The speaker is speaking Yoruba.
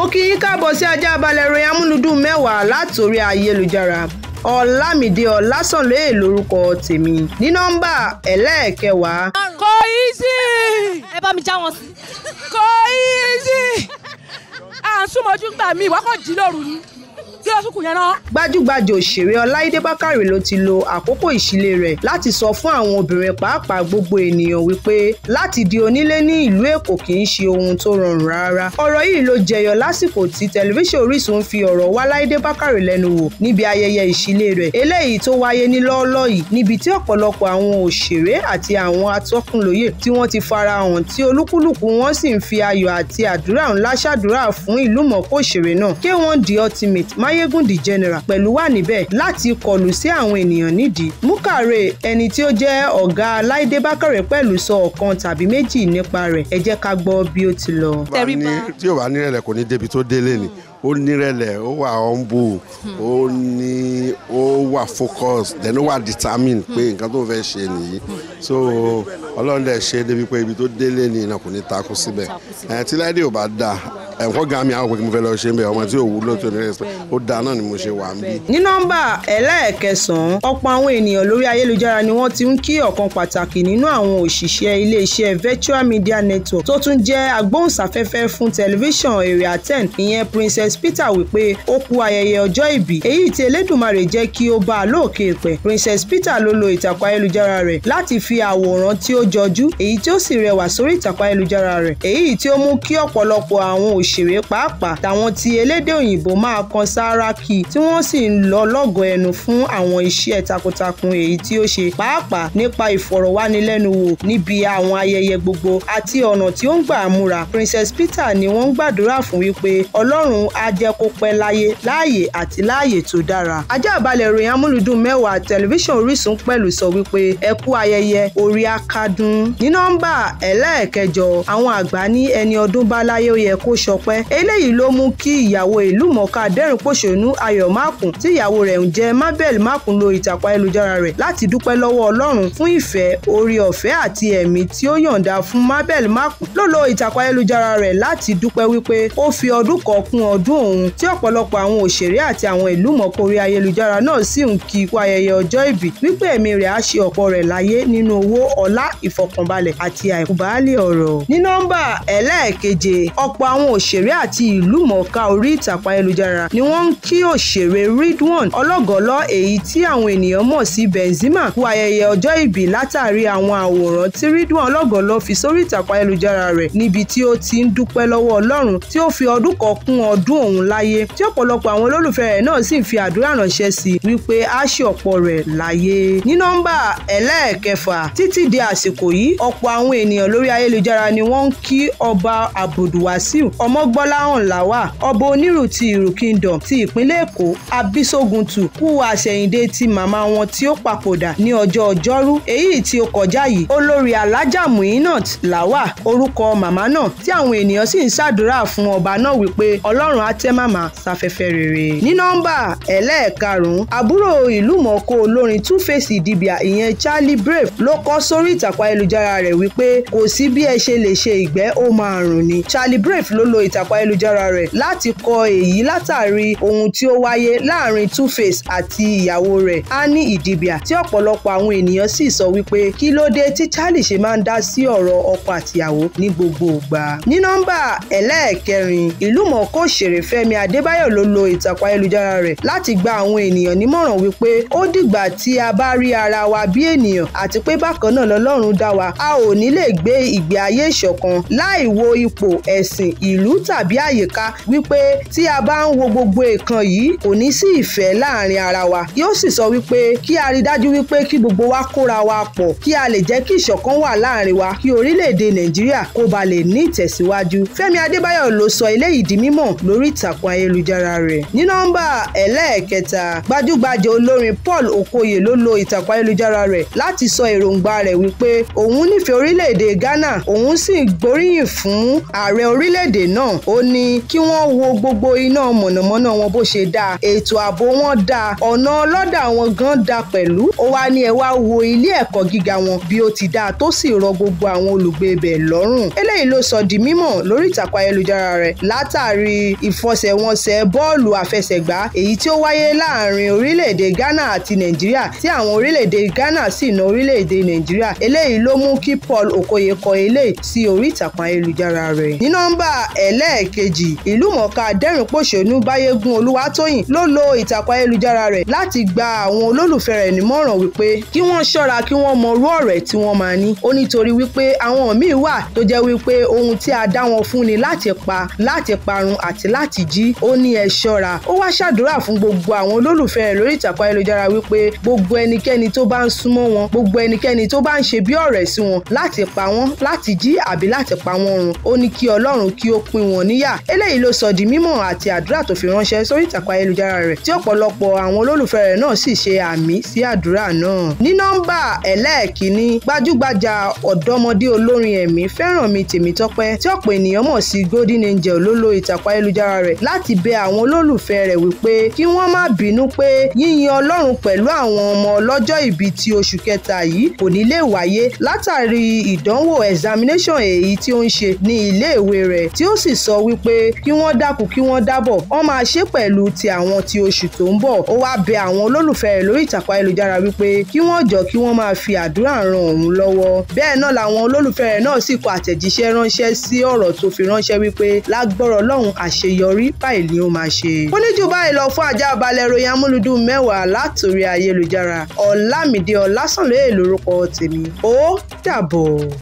mo kí yín káàbọ̀ sí ajá balẹ̀ ìròyìn amúlùdùn mẹ́wàá látòrí ayélujára ọ̀làmìdí ọ̀làsànlẹ̀ lórúkọ tèmi ní nọ́mbà ẹlẹ́ẹ̀kẹwàá. kò í sí. ẹ bá mi já wọn sí. kò í sí. à ń súnmọ́jú gbà mí ìwọ́kọ̀ jí lóru ni kí ló sùkùn yẹn náà. gbajúgbajù òṣèré ọláìdé bákàrè ló ti lo àkókò ìṣílé rẹ̀ láti sọ fún àwọn obìnrin pàápàá gbogbo ènìyàn wípé láti di onílé ní ìlú èkó kì í ṣe ohun tó rọrùn rárá ọ̀rọ̀ yìí ló jẹyọ lásìkò tí tẹlifíṣàn orísun fi ọ̀rọ̀ wá láìdé bákàrè lẹ́nu wò níbi ayẹyẹ ìṣílé rẹ̀ eléyìí tó wáyé ní lọ́ọ́lọ́ yìí níbi tí ọ̀pọ̀lọpọ̀ àwọn òṣèré àti àwọn atọ́kùnlóyè tí wọ́n ti fara hàn tí olúkúlùkù wọn sì ń fi ayọ̀ àti àdúrà ńlá ṣàdúrà fún ìlúmọ̀ọ́ká òṣèré náà k mayegun the general pẹ̀lú wà níbẹ̀ láti kọlù sí àwọn ènìyàn nídìí Mukare ẹni tí ó jẹ́ ọ̀gá Láìdé Bákàrẹ̀ pẹ̀lú sọ ọ̀kan tàbí méjì nípa rẹ̀ ẹ jẹ́ ká gbọ́ bí ó ti lọ. tí ò bá kò ní débi tó délé ni ó nírẹ̀lẹ̀ ó wà humble ó ní ó wà focus then ó wà determined pé nǹkan tó fẹ́ ṣe nìyí so ọlọ́run dẹ̀ ṣe débi pé ibi tó délé ni iná kò ní takú síbẹ̀ ẹ̀ tí láìdé ò bá dáa ẹ̀kọ́ ga mi àwọn pé kí mo fẹ́ lọ ṣe ń bẹ̀ ọmọ tí ò wúlò tó ní respect ó dáa náà ni mo ṣe wà ń bí. ní nọ́mbà ẹlẹ́ẹ̀kẹsàn-án ọ̀pọ̀ àwọn ènìyàn lórí ayélujára ni wọ́n ti ń kí ọ̀kan pàtàkì nínú àwọn òṣìṣẹ́ iléeṣẹ́ virtual media network tó tún jẹ́ agbóhùnsáfẹ́fẹ́ fún tẹlifíṣàn èrè àtẹ̀n ìyẹn princess Prince Peter wípé ó kú ayẹyẹ ọjọ́ ìbí èyí tí Elédùmarè jẹ́ kí ó bá a lóòkè pẹ̀ Princess Peter ló lo ìtàkùn ayélujára rẹ̀ láti fi àwòrán tí ó jọjú èyí tí ó sì rẹwà sórí ìtàkùn ayélujára rẹ̀ èyí tí ó mú kí ọ̀pọ̀lọpọ̀ àwọn òṣèré pàápàá tàwọn ti elédè òyìnbó máa kan sáárá kí tí wọ́n sì ń lọ lọ́gọ̀ ẹnu fún àwọn iṣẹ́ takuntakun èyí tí ó ṣe pàápàá nípa ìfọ̀rọ̀wánilẹ́nuwò níbi àwọn ayẹyẹ gbogbo àti ọ̀nà tí ó ń gbà múra Princess Peter ni wọ́n ń gbàdúrà fún wípé Ọlọ́run ajẹkópẹ́ láyé láàyè àti láàyè tó dára. ajá àbálẹ̀ ìròyìn amúlùdùn mẹ́wàá tẹlifíṣàn Orísun pẹ̀lú sọ wípé ẹ kú ayẹyẹ orí akádùn. ní nọ́mbà ẹlẹ́ẹ̀kẹjọ àwọn àgbà ní ẹni ọdún bá láyé ó yẹ kó ṣọpẹ́ eléyìí ló mú kí ìyàwó ìlú mọ̀ọ́ká dẹ́rìn-pòṣónú Ayọ̀ Mákùn tí ìyàwó rẹ̀ ń jẹ́ Mabel Mákùn lo ìtàkùn ayélujára rẹ̀ láti dúpẹ́ lọ́wọ́ Ọlọ́run fún ìfẹ́ orí ọ̀fẹ́ àti ẹ̀mí tí ó yọ̀ǹda fún Mabel Mákùn ló lo ìtàkùn ayélujára rẹ̀ láti dúpẹ́ wípé ó fi ọdún kan kún àjọ̀dún ọ̀hún tí ọ̀pọ̀lọpọ̀ àwọn òṣèré àti àwọn ìlú mọ̀kòrí ayélujára náà sì ń kí ikú ayẹyẹ ọjọ́ ìbí wípé ẹ̀mí rẹ̀ á ṣe ọ̀pọ̀ rẹ̀ láyé nínú owó ọlá ìfọkànbalẹ̀ àti àìkúbálẹ̀ ọ̀rọ̀. ní nọ́mbà ẹlẹ́ẹ̀keje ọ̀pọ̀ àwọn òṣèré àti ìlú mọ̀ọ́ká orí ìtàkùn ayélujára ni wọ́n ń kí òṣèré Ridwan ọlọ́gọ́lọ́ èyí tí àwọn ènìyàn mọ̀ sí Benzema kú ayẹyẹ ọjọ́ ìbí látàrí àwọn àwòrán tí Ridwan ọlọ́gọ́lọ́ fi sórí ìtàkùn ayélujára rẹ̀ níbi tí ó ti ń dúpẹ́ lọ́wọ́ Ọlọ́run tí ó fi ọdún kan kún ọdún òun láyé tí ọ̀pọ̀lọpọ̀ àwọn olólùfẹ́ rẹ̀ náà sì ń fi àdúrà ránṣẹ́ sí i wípé á ṣe ọ̀pọ̀ rẹ̀ láyé. ní nọ́mbà ẹlẹ́ẹ̀kẹfà títí di àsìkò yìí ọ̀pọ̀ àwọn ènìyàn lórí ayélujára ni wọ́n ń kí ọba Abdulwasiu Ọmọgbọ́láhàn Lawal ọba onírù ti Ìrù Kingdom ti ìpínlẹ̀ Èkó Abisoguntu kú àṣẹ̀yìndé ti màmá wọn tí ó papòdà ní ọjọ́ ọjọ́rú èyí tí ó kọjá yìí olórí alájà Muinat Lawal orúkọ màmá náà tí àwọn ènìyàn sì ń ṣàdúrà fún ọba náà wípé Ọlọ́run á atẹ́màmà sáfẹ́fẹ́ rere. ní nọ́mbà ẹlẹ́ẹ̀karùn-ún àbúrò ìlúmọ̀ọ́kọ olórin Two-Face Idibia ìyẹn Charlie Brave ló kọ sórí ìtàkùn ayélujára rẹ̀ wípé kò sí bí ẹ ṣe lè ṣe ìgbẹ́ ó máa rùn ni Charlie Brave ló lo ìtàkùn ayélujára rẹ̀ láti kọ èyí látàrí ohun tí ó wáyé láàrin Two-Face àti ìyàwó rẹ̀ Annie Idibia tí ọ̀pọ̀lọpọ̀ àwọn ènìyàn sì sọ wípé kí ló dé tí Charlie ṣe máa ń dá sí ọ̀rọ̀ ọkọ àtìyàwó ní gbogbo ìgbà. ní nọ́mbà ẹlẹ́ẹ̀kẹrin ìlúmọ̀ọ́kọ òṣèré òṣèré Fẹ́mi Adébáyọ̀ ló lo ìtàkùn ayélujára rẹ̀ láti gba àwọn ènìyàn nímọ̀ràn wípé ó dìgbà tí a bá rí ara wa bí ènìyàn àti pé bákan náà lọ́lọ́run dá wa a ò ní lè gbé ìgbé ayé ìṣọ̀kan láì wo ipò ẹ̀sìn ìlú tàbí àyíká wípé tí a bá ń wo gbogbo nǹkan yìí kò ní sí ìfẹ́ láàrin ara wa yóò sì sọ wípé kí a rí dájú wípé kí gbogbo wa kóra wa pọ̀ kí a lè jẹ́ kí ìṣọ̀kan wà láàrin wa kí orílẹ̀-èdè Nàìjíríà kó ba lè ní ìtẹ̀síwájú Fẹ́mi Adébáyọ̀ ló sọ eléyìí di mímọ̀ lórí ìtàkùn ayélujára rẹ̀. ní nọ́mbà ẹlẹ́ẹ̀kẹta gbajúgbajà olórin Paul Okoye ló lo ìtàkùn ayélujára rẹ̀ láti sọ èròǹgbà rẹ̀ wípé òun nífẹ̀ẹ́ orílẹ̀-èdè Ghana òun sì gbóríyìn fún ààrẹ orílẹ̀-èdè náà ó ní kí wọ́n wo gbogbo iná mọ̀nàmọ́ná wọn bó ṣe dáa ètò ààbò wọn dáa ọ̀nà ọlọ́dà wọn gan dáa pẹ̀lú ó wá ní ẹ wá wo ilé ẹ̀kọ́ gíga wọn bí ó ti dáa tó sì rọ gbogbo àwọn olùgbé ibẹ̀ lọ́rùn eléyìí ló sọ di mímọ̀ lórí ìtàkùn ayélujára rẹ̀ látàrí ìfọsẹ̀wọnsẹ̀ bọ́ọ̀lù àfẹsẹ̀gbá èyí tí ó wáyé láàrin orílẹ̀-èdè Ghana àti Nàìjíríà tí àwọn orílẹ̀-èdè Ghana sì na orílẹ̀-èdè Nàìjíríà eléyìí ló mú kí Paul Okoye kọ eléyìí sí orí ìtàkùn ayélujára rẹ̀. ní nọ́mbà ẹlẹ́ẹ̀kejì ìlúmọ̀ọ́ká dẹ́rìn-pọ̀ṣẹ́nu Báyégún Olúwatóyìn ló lo ìtàkùn ayélujára rẹ̀ láti gba àwọn olólùfẹ́ rẹ̀ nímọ̀ràn wípé kí wọ́n ṣọ́ra kí wọ́n mọ orú ọ̀rẹ́ tí wọ́n máa ní ó nítorí wípé àwọn míì wà tó jẹ́ wípé ohun tí a dá wọn fún ni láti pa láti parun àti lá láti jí ó ní ẹ ṣọ́ra ó wá ṣàdúrà fún gbogbo àwọn olólùfẹ́ rẹ̀ lórí ìtàkùn ayélujára wípé gbogbo ẹnikẹ́ni tó bá ń súnmọ́ wọn gbogbo ẹnikẹ́ni tó bá ń ṣe bí ọ̀rẹ́ sí wọn láti pa wọ́n láti jí àbí láti pa wọ́n run ó ní kí ọlọ́run kí ó pín wọn níyà eléyìí ló sọ di mímọ̀ àti àdúrà tó fi ránṣẹ́ sórí ìtàkùn ayélujára rẹ̀ tí ọ̀pọ̀lọpọ̀ àwọn olólùfẹ́ rẹ̀ náà sì ṣe àmì sí àdúrà náà ní nọ́mbà ẹlẹ́ẹ̀kínní gbajúgbajà ọ̀dọ́mọdé olórin ẹ̀mí Fẹ́rànmi Tèmítọ́pẹ́ tí ọ̀pọ̀ ènìyàn mọ̀ sí Golden Angel ló ìtàkùn ayélujára agbára rẹ̀ láti bẹ àwọn olólùfẹ́ rẹ̀ wípé kí wọ́n má bínú pé yíyin ọlọ́run pẹ̀lú àwọn ọmọ ọlọ́jọ́ ìbí ti oṣù kẹta yìí kò ní lè wáyé látàrí ìdánwò examination èyí tí ó ń ṣe ní iléèwé rẹ̀ tí ó sì sọ wípé kí wọ́n dákun kí wọ́n dábọ̀ wọ́n máa ṣe pẹ̀lú ti àwọn ti oṣù tó ń bọ̀ ó wá bẹ àwọn olólùfẹ́ rẹ̀ lórí ìtàkùn ayélujára wípé kí wọ́n jọ kí wọ́n máa fi àdúrà ran òun lọ́wọ́ bẹ́ẹ̀ náà làwọn olólùfẹ́ rẹ̀ náà sì kọ àtẹ̀jíṣẹ́ ránṣẹ́ sí àṣeyọrí báyìí ni ó máa ṣe. ó ní jù báyìí lọ fún ajá balẹ̀ ròyìn amúlùdùn mẹ́wàá látòrí ayélujára ọ̀làmídé ọ̀làsànlóye lórúkọ tèmi ó dàbọ̀.